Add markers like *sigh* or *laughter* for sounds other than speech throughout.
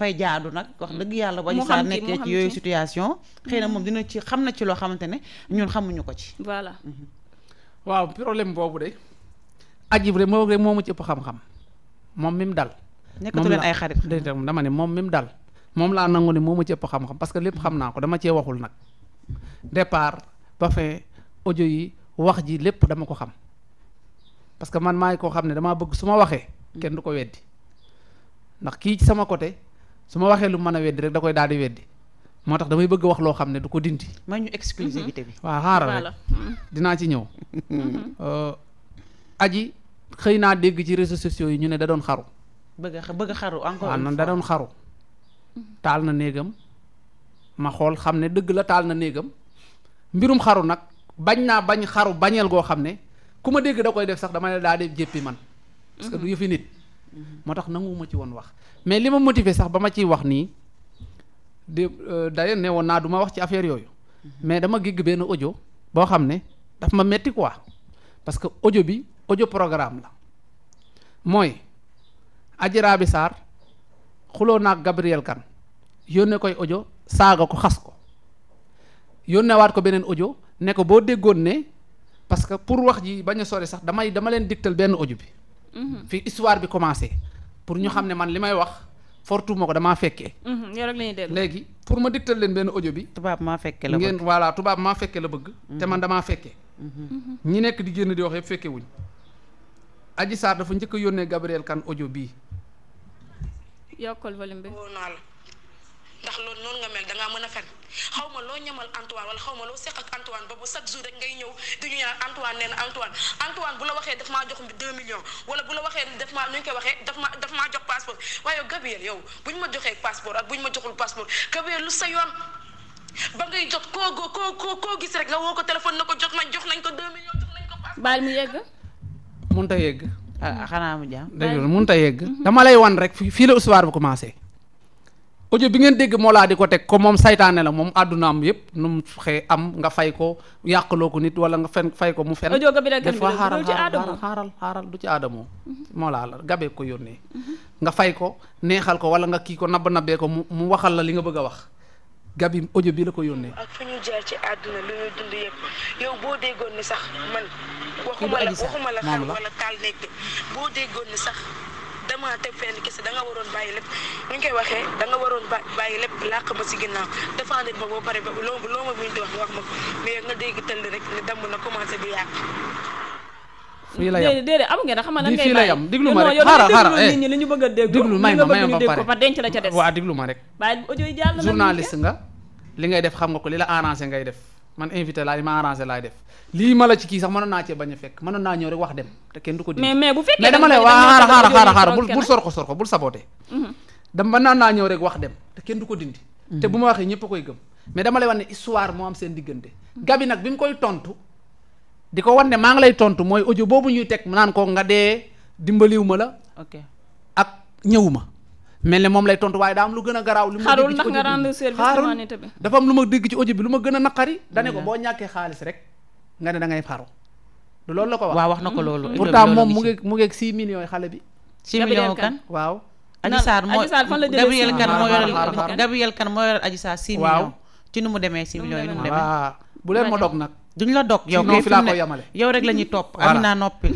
dafay jaadu nag wax dëgg yàlla ba ñu saa nekkee ci yooyu situation xëy na moom mm-hmm. dina ci xam na ci loo xamante ne ñun xamuñu ko ci voilà mm-hmm. waaw problème boobu de ajib rek moo rek moomu ci ëpp xam-xam moom mi mu dal leen ay xarit dama ne moom mi mu moom laa nangu ne moom ci ëpp xam-xam parce que lépp xam naa ko dama cee waxul nag départ ba fin audio yi wax ji lépp dama ko xam parce que man maay koo xam ne damaa bëgg su ma waxee kenn du ko weddi ndax kii ci sama côté su ma waxee lu man a weddi rek da koy daal di weddi moo tax damay bëgg wax loo xam ne du ko dindi. may ñu exclusivité bi. waaw xaaral rek mm-hmm. dinaa ci ñëw. Mm-hmm. Euh, aji xëy naa dégg ci réseaux sociaux yi ñu ne da doon xaru. bëgg bëgg xaru da doon xaru. Mm-hmm. taal na néegam ma xool xam ne dëgg la taal na néegam mbirum xaru nag bañ naa bañ xaru bañeel goo xam ne ku ma dégg da koy def sax dama ne daa def jéppi man. parce du yëfi nit. Mhm. moo tax nanguwuma ci woon wax mais li ma motiver sax ba ma ciy wax nii di euh, d'ailleurs ne woon naa du ma wax ci affaire yooyu mhm. mais dama gégg benn audio boo xam ne daf ma metti quoi parce que audio bi audio programme la mooy Adji Raby xuloo naag Gabriel Kane yónnee koy audio saaga ko xas ko yónneewaat ko beneen audio ne ko boo déggoon ne parce que pour wax ji bañ a sori sax damay dama leen digtal benn audio bi Mm-hmm. fii histoire bi commencé pour ñu xam ne man li may wax fortu ma ko damaa fekkee. Mm-hmm. yow la ñuy déglu léegi pour ma digtal leen benn audio bi. tubaab maa fekkee la bëgg ngeen voilà tubaab maa fekkee la bëgg. Mm-hmm. te man damaa fekkee. ñi nekk di génn di wax yëpp fekke wuñ. Adji Sarr dafa njëkk yónnee Gabriel Kane audio bii. yokkal volume bi. ndax loolu noonu nga mel dangaa mën a fen xaw ma loo ñamal Antoine wala xaw ma loo seq ak Antoine ba bu chaque jour rek ngay ñëw di ñu ñaan Antoine nee na Antoine bu la waxee daf ma jox 2 millions bu la waxee daf maa nu ñu waxee daf ma daf maa jox passeport waaye Gabriel yow bu ñu ma joxee passeport ak bu ñu ma joxul passeport Gabriel lu sa yoon ba ngay jox koo koo ko koo gis rek nga woo ko téléphone na ko jox nañ jox nañ ko de millions jox nañ ko passeport. baal mu yegg. mënut a yegg. Ah, xanaa mu jaam. dëgg la mënut a yegg. Mhm. dama lay wan rek fii la histoire bu commencé. audio bi ngeen dégg moo laa di ko teg ko moom saytaane la moom àdduna am yëpp nu mu xee am nga fay ko yàquloo ko nit wala nga fen fay ko mu fen des fois xaaral du ci aadamoo mhm. moo laa la gabee ko yónnee mhm. nga fay ko neexal ko wala nga kii ko nab nabbee ko mu mu waxal la li nga bëgg a wax gabi audio bi la ko yónnee ak fu ñu jaar ci àdduna lu ñuy dund yëpp yow boo déggoon ni sax man waxuma la waxuma la xar wala taal nekk boo ni sax vraiment teg fenn kese da nga waroon bàyyi lépp ñu ngi koy waxee da nga waroon bàyyi lépp làq ma si ginnaaw défendre ma boo pare ba loo loo ma buñ di wax wax ma ko mais nga dégg tëll rek ne damm na commencé di yàq. fii la yam déedéet am ngeen a xam nga nan ngay bàyyi ma rek xaaral xaaral nit eh. ñi li ñu bëgg a dégg déglu may ma may ma denc la ca des waaw déglu ma rek bàyyi audio yi jàll na nga li ngay def xam nga ko li la arrangé ngay def man invité laay ma arrangé laay def lii ma la ci kii sax mënoon naa cee bañ a fekk mënoon naa ñëw rek wax dem te kenn du ko di mais mais bu fekkee mais dama lay waa xaara xaara ko sor ko bul saboté mhm. dama mën naa ñëw rek wax dem te kenn du ko dindi mhm. te bu ma waxee ñëpp koy gëm mais dama lay wan ne histoire moo am seen diggante mhm. gabi nag bi mu koy tontu di ko wan ne maa ngi lay tontu mooy audio boobu ñuy teg naan ko nga dee dimbaliw ma la ok ak ñëwuma mel ne moom lay tontu waaye daa am lu gën a garaaw. li ma dégg ci audio bi dafa lu ma dégg ci bi lu ma gën a naqari. dane ko mm-hmm. boo ñàkkee xaalis rek nga ne da ngay loolu la ko wax waaw wax na ko loolu. Mm-hmm. pourtant moom mu ngi mu ngi ak 6 millions yi xale bi. 6 millions kan waaw. moo Gabriel kan moo yoral Gabriel kan moo yoral Adji Sarr 6 millions. ci nu mu demee 6 millions yi nu mu demee. bu leen ma dog nag. duñ la dog yow. fi laa ko yamale yow rek la ñuy a Amina noppi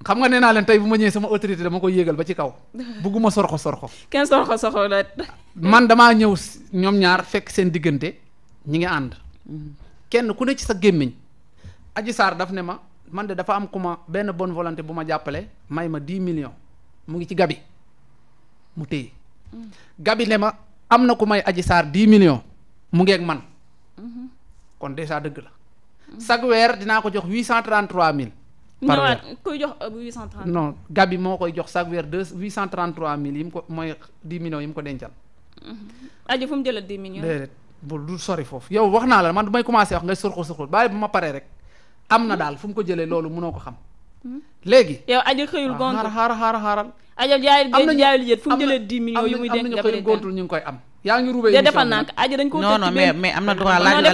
xam nga nee naa leen tey bu ma ñëwee sama autorité dama koy yéegal ba ci kaw *laughs* bugguma sorxo sorxo kenn sorxo sorxo la *laughs* man damaa ñëw ñoom ñaar fekk seen diggante ñi ngi ànd mm-hmm. kenn ku ne ci sa gémmiñ aji saar daf ne ma man de dafa am ku ma benn bonne volonté bu ma jàppale may ma dix millions mu ngi ci gabi mu téye mm-hmm. gabi ne ma am na ku may aji saar dix million mu ngeeg man mm-hmm. kon dèjà dëgg la sag weer dinaa ko jox huit cent trente par weer koy jox 830. Euh, non Gabi moo koy jox chaque weer deux 833000 yi mu ko mooy 10 millions yi mu ko dencal. Mm-hmm. aji fu mu jëlee 10 millions. déedéet bu du sori foofu yow wax naa la man du may commencé wax ngay surxul surxul bàyyi ba ma paree rek am na mm-hmm. daal fu mu ko jëlee loolu mënoo ko xam. Mm-hmm. léegi. yow aji xëyul ah, gontu xaaral xaaral xaaral. aji jaayul jaayul jët fu mu jëlee 10 millions. yu muy denc xëyul gontul ñu ngi koy am. yaa defal naa ko aja dañ koo. teg ci mais mais am na droit laaj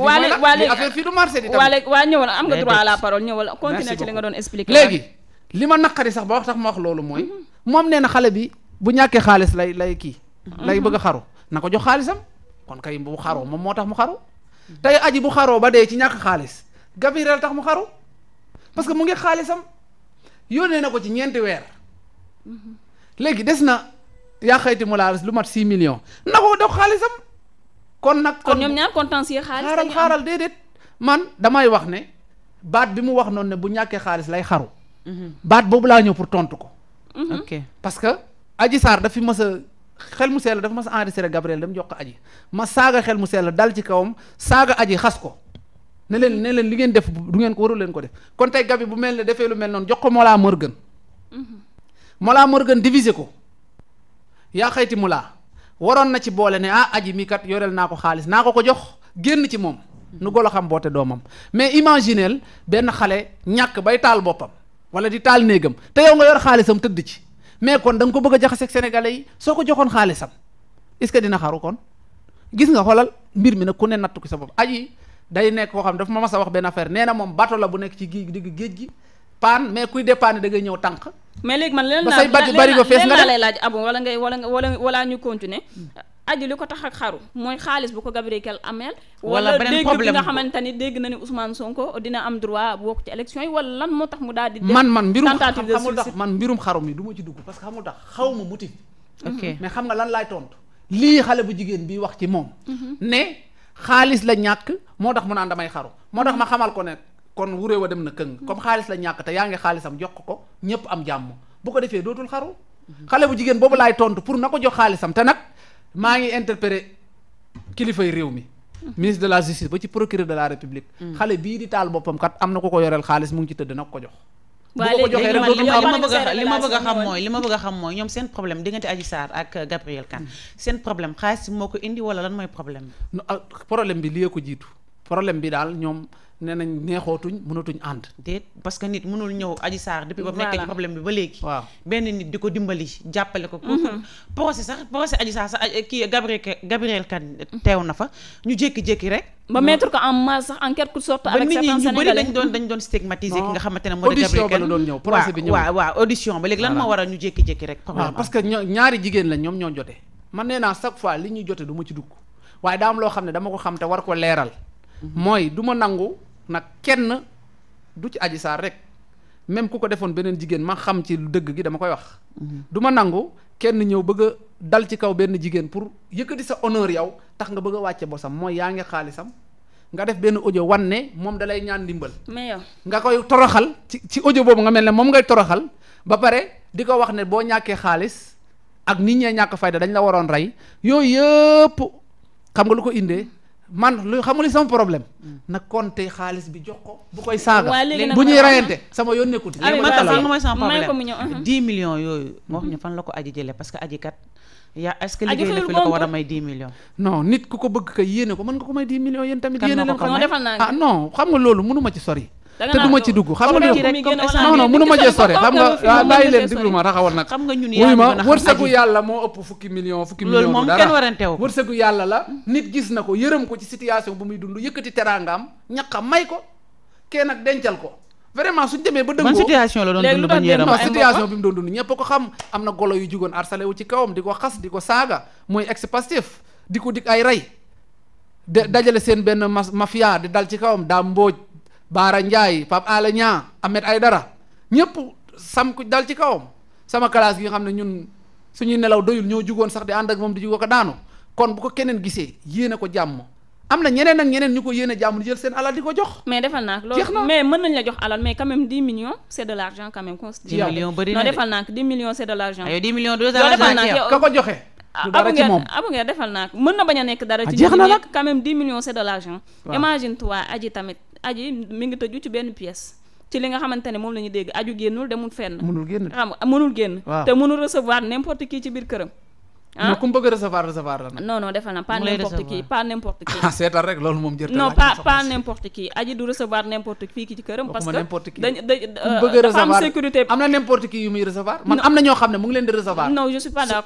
waa léegi waa parole ñëwal continuer ci li nga doon expliquer. léegi li ma naqari sax ba wax tax ma wax loolu mooy mhm. moom nee na xale bi bu ñàkkee xaalis lay lay kii lay bëgg a xaru na ko jox xaalisam kon kay bu xaroo moom moo tax mu xaru tey aji bu xaroo ba dee ci ñàkk xaalis Gabriel tax mu xaru parce que mu ngi xaalisam yónnee na ko ci ñeenti weer léegi des na yaa xayti mu laa lu mat 6 million na ko dox xaalisam kon nag kon ñoom ñaar contentieux xaalis xaaral xaaral déedéet man damay wax ne baat bi mu wax noonu ne bu ñàkkee xaalis lay xaru mhm. baat boobu laa ñëw pour tontu ko mhm. ok parce que Adji xel mu sell dafa mas a enregistré Gabriel dem jox ko aji ma saaga xel mu la dal ci kawam saaga aji xas ko ne leen ne leen li ngeen def du ngeen ko warul ko def kon tey Gabi bu mel ne defee lu mel noonu jox ko Mollah Morgun mm-hmm. Mollah Morgun divisé ko yaa xayti Mollah waroon na ci boole ne ah aji mi kat yoreel naa ko xaalis naa ko ko jox génn ci moom nu golo xam boote doomam mais imagineel benn xale ñàkk bay taal boppam wala di taal néegam te yow nga yor xaalisam tëdd ci mais kon danga ko bëgg a jaxaseeg sénégalais yi soo ko joxoon xaalisam est-ce que dina xaru kon gis nga xoolal mbir mi nag ku ne nattu ko sa bopp aji day nekk koo xam dafa ma mas a wax benn affaire nee na moom bato la bu nekk ci géej digg géej gi paan mais kuy dépanne da ngay ñëw tànk mais léegi man leen naa leen naa lay laaj abo wala ngay wala wala wala ñu continuer aj li ko tax ak xaru mooy xaalis bu ko kel ameel wala beneen problème nga xamante ni dégg na ni Ousmane Sonko dina am droit bokk ci élection yi wala lan moo tax mu daal di man man mbirum xamul tax man mbirum xaru mi du ma ci dugg parce que xamul tax xaw ma motif ok mm-hmm. mais xam nga lan laay tontu lii xale bu jigéen bi wax ci moom mm-hmm. ne xaalis la ñàkk moo tax mu naan damay xaru moo tax ma mm-hmm. xamal ko ne kon wuré wa dem na këng comme xaalis la ñàkk te yaa ngi xaalisam jox ko ñépp am jàmm bu ko defee dootul xaru xale bu jigéen boobu laay tontu pour na ko jox xaalisam te maa ngi interpellé kilifay réew mi. ministre de la justice ba ci procureur de la république. Mm. xale bii di taal boppam kat am na ko ko yoreel xaalis mu ngi ci tëdd nag ko jox. waaw léegi li ma bëgg a li ma bëgg a xam mooy li ma bëgg a xam mooy ñoom seen problème diggante Adji Sarr ak Gabriel Kane mm. seen problème xaalis moo ko indi wala lan mooy problème bi. Ah, problème bi li ko jiitu problème bi daal ñoom. nee nañ neexootuñ mënatuñ ànd. parce que nit mënul ñëw Adji Sarr depuis ba mu nekkee ci benn nit di ko dimbali jàppale ko. Mhm. procès sax procès Adji Sarr sax kii Gabriel Gabriel Kane teew na fa ñu jékki-jékki rek. ba mettre ko en masse sax en nga xamante ne moo di. Gabriel Kane audition ba la doon ñëw procès bi ñëw waaw waaw audition ba léegi lan moo waral ñu jékki-jékki rek. waaw parce que ñaari jigéen la ñoom ñoo jotee man nee naa chaque fois li ñuy jote du ma ci dugg waaye daa am loo xam ne dama ko xam te war ko leeral mooy du ma nangu nag kenn du ci Adji Sarr rek même ku ko defoon beneen jigéen ma xam ci lu dëgg gi dama koy wax mhm. du ma nangu kenn ñëw bëgg dal ci kaw benn jigéen pour yëkkati sa honneur yow tax nga bëgg a wàcce bosam mooy yaa ngi xaalisam nga benn audio wan ne moom dalay ñaan ndimbal mais nga koy toroxal ci ci ojo boobu nga mel ne moom ngay toroxal ba pare di ko wax ne boo ñàkkee xaalis ak nit ñee ñàkk fay dañ la waroon rey yooyu yëpp xam nga lu ko indee man lu xamul sama problème na compté xaalis bi jox ko bu koy saaga bu ñuy rayante sama yoon nekkuti mooy sama problème uh-huh. dix millions yooyu nga wax ñu fan la ko aji jëlee parce que aji kat yaa est liggéey na ko war a may dix millions non nit ku ko bëgg ka yéene ko mën nga ko may dix millions yéen tamit yéene leen ko ah non xam nga loolu mënuma ci sori te duma ci dugg xam nga non ma jee sore xam nga waaw bàyyi leen déglu ma taxawal nag wuyu ma wërsëgu yàlla moo ëpp fukki million fukki million dara wërsëgu yàlla la nit gis na ko yërëm ko ci situation bu muy dund yëkkati teraangaam ñaqam may ko kenn nag dencal ko vraiment suñ demee ba dëggoo ban situation la doon dund ba ñeeram non situation bi mu doon dund ñëpp ko xam am na golo yu jugoon arsalé wu ci kawam di ko xas di ko saaga mooy ex-Pastef di ko dik ay rey dajale seen benn mafia di dal ci kawam daa mbooj Baara Ndiaye Pape Alé Niang Ahmed Aïdara ñëpp sam ku dal ci kawam sama classe gi nga xam ne ñun suñuy nelaw doyul ñoo jugoon sax di ànd ak moom di ko daanu kon bu ko keneen gisee yéene ko jàmm. am na ñeneen ak ñeneen ñu ko yéene jàmm jël seen alal di ko jox. mais defal naa ko loolu mais mën nañ la jox alal mais quand même 10 millions c' est defal naa ko 10 millions c' est de l' argent. aywa ah, 10 millions ka ko joxe. du ah, dara abu ngeen defal naa ko mën na bañ a nekk dara. Ah, ci jeex na nag quand même 10 millions c' est tamit. aji mi ngi tëju ci benn pièce ci li nga xamante moom la ñu dégg aju génnul demul fenn. mënul génn xam mënul génn. te mënul recevoir n'importe qui ci biir këram. ah mais ku mu bëgg recevoir recevoir la. non non defal na pas n'importe qui pas n'importe qui. *laughs* ah seetal rek loolu moom jërë non pas pas n'importe qui aji du recevoir n'importe qui ci këram. parce que dañ dañ euh, dafa am na n'importe qui yu muy recevoir. man am na ñoo xam ne mu ngi leen di recevoir. non je suis pas na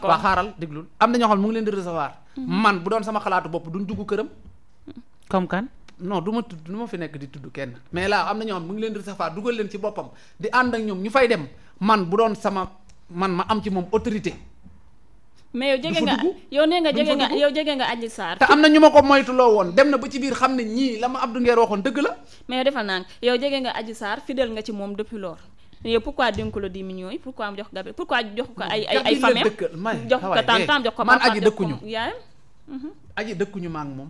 ñoo xam ne mu mm-hmm. doon sama xalaatu bopp duñ dugg këram. comme kan. non du ma tudd du ma fi nekk di tudd kenn mais là am na ñoo xam mu ngi leen di safar dugal leen ci boppam di ànd ak ñoom ñu fay dem man bu doon sama man ma am ci moom autorité. mais yow nga yow nee nga jege nga yow jege nga Adji Sarr am na ñu ma ko moytuloo woon dem na ba ci biir xam ne ñii la ma Abdou Nguer waxoon dëgg la mais defal naa yow jege nga Adji Sarr fidèle nga ci moom depuis lors yow pourquoi dénk ko la dix millions yi pourquoi jox Gabriel pourquoi jox ko ay ay ay famem jox ko eh. jox ko man Adji dëkkuñu yaayam mhm. Adji dëkkuñu maa moom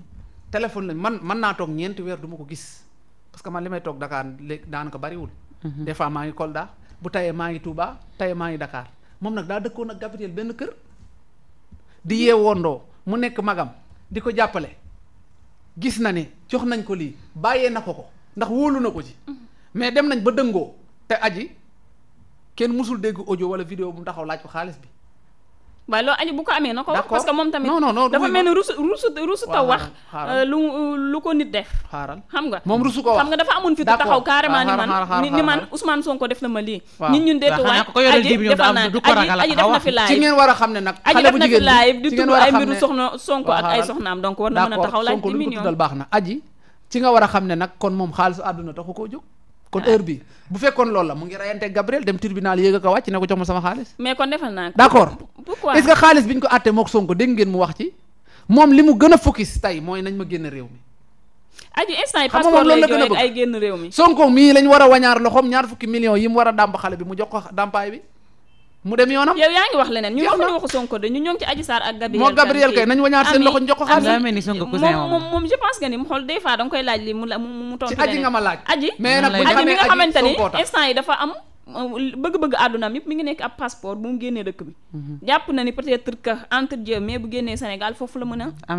téléphone lañ man mën naa toog ñeenti weer duma ko gis parce que man li may toog Dakar léegi daanaka bariwul. Mhm. des fois maa ngi Kolda bu tayee maa ngi tuubaa tayee maa ngi dakaar moom nag daa dëkkoon ak Gabriel benn kër. di yeewondoo mu nekk magam di ko jàppale gis na ni jox nañ ko lii bàyyee na ko ko ndax wóolu na ko ci. Mhm. mais dem nañ ba dëngoo te aji kenn mësul dégg ojo wala vidéo bu mu taxaw laaj ko xaalis bi. waaye loolu aji bu ko amee na ko wax parce que moom tamit dafa mel rusu rusuta wax euh, lu lu ko nit def xam nga moom rusu ko wax xam nga dafa amoon fi taxaw carrément ni man ni man Ousmane Sonko def na ma lii nit ñun deetu waay aji aji def na fi ci ngeen war a xam ne nag aji na fi live di tudd na a taxaw laaj nga war a xam ne nag kon moom xaalis àdduna taxu ko jóg kon heure bu fekkoon loolu la mu ngi rayante Gabriel dem tribunal yéeg a ko wàcc ne ko jox ma sama xaalis. d'accord pourquoi xaalis bi ñu ko àttee mook Sonko dégg ngeen mu wax ci moom li mu gën a focus tey mooy nañ ma génn réew mi. aji instant yi passeport lay joxe ay génn réew mi Sonko mii lañ war a wañaar loxoom ñaar fukki million yi mu war a dàmp xale bi mu jox ko dàmpaay bi. mu yaa ngi wax leneen ñu waxuñu waxu Sonko de ñu ñoo ngi ci Adji ak Gabriel moo Gabriel kay nañ wañaar seen loxo ñu jox ko moom moom je pense que ni mu xool des fois da koy laaj li mu mu tontu ci aji nga ma laaj aji mais nga xamante instant yi dafa am Euh, bëgg-bëgg àddunaam yëpp mi ngi nekk ab passeport bu mu génnee dëkk bi mhm. jàpp na ni peut-être que entre Dieu mais bu génnee Sénégal foofu la mën a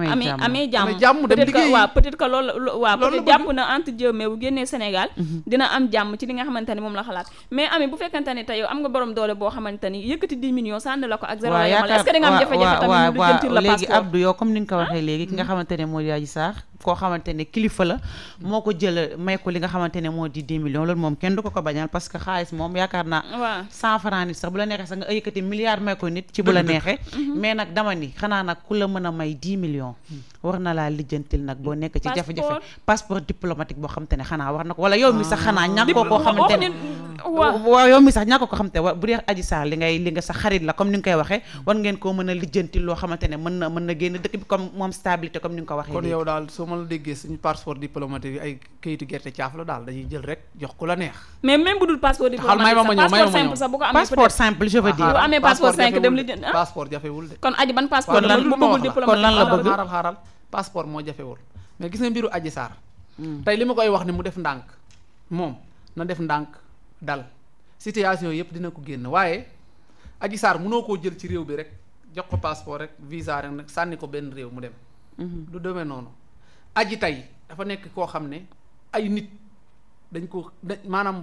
amee jàmm peut-être que waaw que loolu waaw peut-être jàpp na entre Dieu mais bu génnee Sénégal mhm. dina am jàmm ci li nga xamante ni moom la xalaat mais amee bu fekkante ni tey yow am nga borom doole boo xamante ni yëkkati 10 millions sànni la ko ak zéro la yemale est am jafe-jafe tamit ñu jëntir la passeport léegi Abdou yow comme ni nga ko waxee léegi ki nga ah. xamante ne moo di Adji koo xamante ne kilifa la moo ko jël may ko li nga xamante ne moo di 10 millions loolu moom kenn du ko ko bañal parce que xaalis moom yaakaar naa waaw cent francs nit sax bu la neexee sax nga yëkkati milliard may ko nit ci bu la neexee mhm. mais nag dama ni xanaa nag ku la mën a may 10 millions war na laa lijjantil nag boo nekk ci jafe-jafe passeport diplomatique boo xam te ne xanaa war na ko wala yow mi sax ah. xanaa ñàkkoo koo xamante ne waaw bu dee Adji Sarr li ngay li nga sa xarit la comme ni nga koy waxee war ngeen koo mën a lijjantil loo xamante ne mën na mën na génn dëkk bi comme moom stabilité comme ni nga ko waxee kon yow daal soo ma la déggee suñu passeport diplomatique ay kayitu gerte caaf la daal dañuy jël rek jox ku la neex mais même passeport moo jafewul mais gis nga mbiru Adji Sarr. Hmm. tey li ma koy wax ni mu def ndànk moom na def ndànk dal situation yëpp dina ko génn waaye Adji Sarr mënoo koo jël ci réew bi rek jox ko passeport rek visa rek nag sànni ko benn réew mu dem. Hmm. du demee noonu. aji tey dafa nekk koo xam ne ay nit dañ ko maanaam.